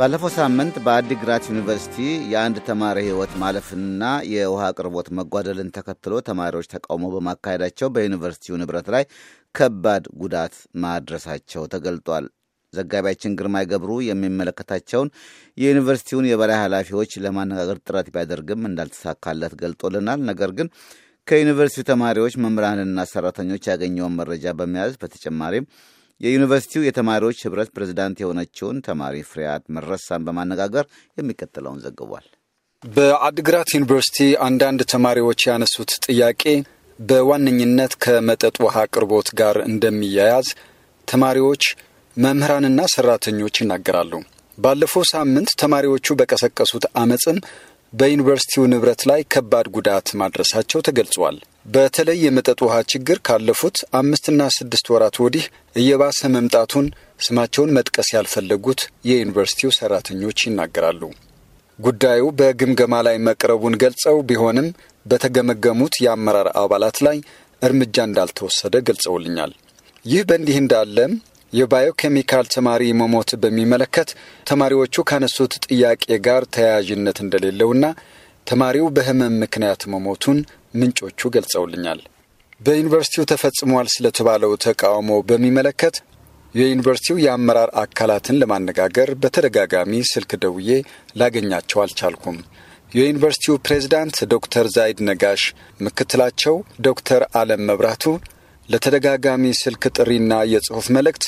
ባለፈው ሳምንት በአዲግራት ዩኒቨርሲቲ የአንድ ተማሪ ሕይወት ማለፍንና የውሃ አቅርቦት መጓደልን ተከትሎ ተማሪዎች ተቃውሞ በማካሄዳቸው በዩኒቨርሲቲው ንብረት ላይ ከባድ ጉዳት ማድረሳቸው ተገልጧል። ዘጋቢያችን ግርማይ ገብሩ የሚመለከታቸውን የዩኒቨርሲቲውን የበላይ ኃላፊዎች ለማነጋገር ጥረት ቢያደርግም እንዳልተሳካለት ገልጦልናል። ነገር ግን ከዩኒቨርሲቲው ተማሪዎች መምህራንና ሰራተኞች ያገኘውን መረጃ በመያዝ በተጨማሪም የዩኒቨርሲቲው የተማሪዎች ህብረት ፕሬዝዳንት የሆነችውን ተማሪ ፍሬያት መረሳን በማነጋገር የሚከተለውን ዘግቧል። በአድግራት ዩኒቨርሲቲ አንዳንድ ተማሪዎች ያነሱት ጥያቄ በዋነኝነት ከመጠጥ ውሃ አቅርቦት ጋር እንደሚያያዝ ተማሪዎች መምህራንና ሰራተኞች ይናገራሉ። ባለፈው ሳምንት ተማሪዎቹ በቀሰቀሱት አመፅም በዩኒቨርሲቲው ንብረት ላይ ከባድ ጉዳት ማድረሳቸው ተገልጿል። በተለይ የመጠጥ ውሃ ችግር ካለፉት አምስትና ስድስት ወራት ወዲህ እየባሰ መምጣቱን ስማቸውን መጥቀስ ያልፈለጉት የዩኒቨርሲቲው ሰራተኞች ይናገራሉ። ጉዳዩ በግምገማ ላይ መቅረቡን ገልጸው ቢሆንም በተገመገሙት የአመራር አባላት ላይ እርምጃ እንዳልተወሰደ ገልጸውልኛል። ይህ በእንዲህ እንዳለም የባዮኬሚካል ተማሪ መሞት በሚመለከት ተማሪዎቹ ካነሱት ጥያቄ ጋር ተያያዥነት እንደሌለውና ተማሪው በህመም ምክንያት መሞቱን ምንጮቹ ገልጸውልኛል። በዩኒቨርሲቲው ተፈጽሟል ስለተባለው ተቃውሞ በሚመለከት የዩኒቨርሲቲው የአመራር አካላትን ለማነጋገር በተደጋጋሚ ስልክ ደውዬ ላገኛቸው አልቻልኩም። የዩኒቨርሲቲው ፕሬዝዳንት ዶክተር ዛይድ ነጋሽ፣ ምክትላቸው ዶክተር አለም መብራቱ ለተደጋጋሚ ስልክ ጥሪና የጽሑፍ መልእክት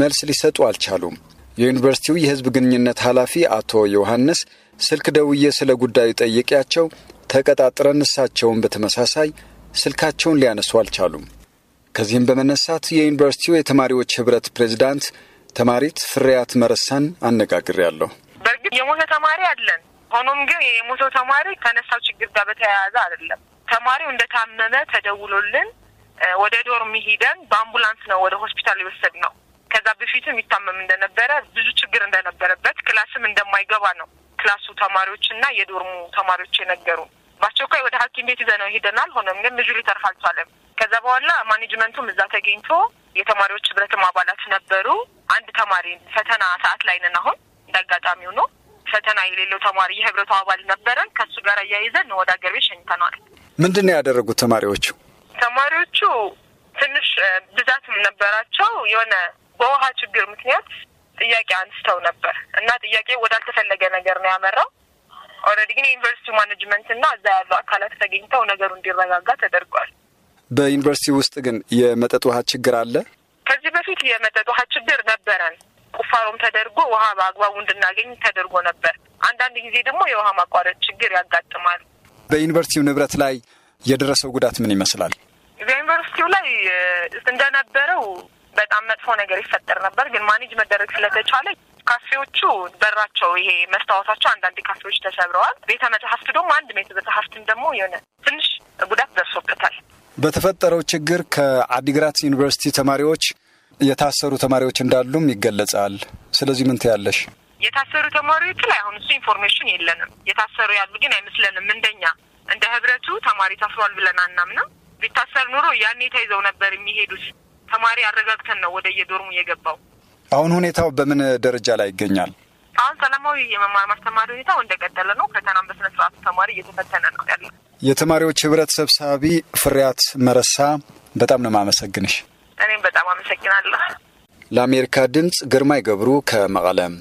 መልስ ሊሰጡ አልቻሉም። የዩኒቨርሲቲው የሕዝብ ግንኙነት ኃላፊ አቶ ዮሐንስ ስልክ ደውዬ ስለ ጉዳዩ ጠይቄያቸው ተቀጣጥረን እሳቸውን በተመሳሳይ ስልካቸውን ሊያነሱ አልቻሉም። ከዚህም በመነሳት የዩኒቨርሲቲው የተማሪዎች ኅብረት ፕሬዚዳንት ተማሪት ፍሬያት መረሳን አነጋግሬያለሁ። በእርግጥ የሞተ ተማሪ አለን። ሆኖም ግን የሞተው ተማሪ ከነሳው ችግር ጋር በተያያዘ አይደለም። ተማሪው እንደታመመ ተደውሎልን ወደ ዶርም ሄደን በአምቡላንስ ነው ወደ ሆስፒታል የወሰድ ነው። ከዛ በፊትም ይታመም እንደነበረ ብዙ ችግር እንደነበረበት ክላስም እንደማይገባ ነው ክላሱ ተማሪዎች እና የዶርሙ ተማሪዎች የነገሩ። በአስቸኳይ ወደ ሐኪም ቤት ይዘነው ሄደናል። ሆኖም ግን ልጁ ሊተርፍ አልቻለም። ከዛ በኋላ ማኔጅመንቱም እዛ ተገኝቶ የተማሪዎች ህብረትም አባላት ነበሩ። አንድ ተማሪ ፈተና ሰዓት ላይ ነን አሁን እንዳጋጣሚው ነው ፈተና የሌለው ተማሪ የህብረቱ አባል ነበረን። ከሱ ጋር እያይዘን ወደ ሀገር ቤት ሸኝተነዋል። ምንድን ነው ያደረጉት ተማሪዎቹ? ልጆቹ ትንሽ ብዛትም ነበራቸው። የሆነ በውሃ ችግር ምክንያት ጥያቄ አንስተው ነበር እና ጥያቄ ወዳልተፈለገ ነገር ነው ያመራው። ኦልሬዲ ግን የዩኒቨርሲቲ ማኔጅመንት እና እዛ ያሉ አካላት ተገኝተው ነገሩ እንዲረጋጋ ተደርጓል። በዩኒቨርሲቲ ውስጥ ግን የመጠጥ ውሃ ችግር አለ። ከዚህ በፊት የመጠጥ ውሃ ችግር ነበረን። ቁፋሮም ተደርጎ ውሃ በአግባቡ እንድናገኝ ተደርጎ ነበር። አንዳንድ ጊዜ ደግሞ የውሃ ማቋረጥ ችግር ያጋጥማል። በዩኒቨርሲቲው ንብረት ላይ የደረሰው ጉዳት ምን ይመስላል? ዩኒቨርሲቲው ላይ እንደነበረው በጣም መጥፎ ነገር ይፈጠር ነበር፣ ግን ማኔጅ መደረግ ስለተቻለ ካፌዎቹ በራቸው ይሄ መስታወታቸው አንዳንድ ካፌዎች ተሰብረዋል። ቤተ መጽሐፍት ደግሞ አንድ ቤተ መጽሐፍትም ደግሞ የሆነ ትንሽ ጉዳት ደርሶበታል። በተፈጠረው ችግር ከአዲግራት ዩኒቨርሲቲ ተማሪዎች የታሰሩ ተማሪዎች እንዳሉም ይገለጻል። ስለዚህ ምን ትያለሽ? የታሰሩ ተማሪዎች ላይ አሁን እሱ ኢንፎርሜሽን የለንም። የታሰሩ ያሉ ግን አይመስለንም። እንደኛ እንደ ህብረቱ ተማሪ ታስሯል ብለን አናምንም። ቢታሰር ኑሮ ያኔ ተይዘው ነበር የሚሄዱት። ተማሪ አረጋግተን ነው ወደ የዶርሙ የገባው። አሁን ሁኔታው በምን ደረጃ ላይ ይገኛል? አሁን ሰላማዊ የመማር ማስተማሪ ሁኔታው እንደቀጠለ ነው። ፈተናም በስነ ስርዓቱ ተማሪ እየተፈተነ ነው ያለ። የተማሪዎች ህብረት ሰብሳቢ ፍሬያት መረሳ በጣም ነው ማመሰግንሽ። እኔም በጣም አመሰግናለሁ። ለአሜሪካ ድምፅ ግርማይ ገብሩ ከመቀለም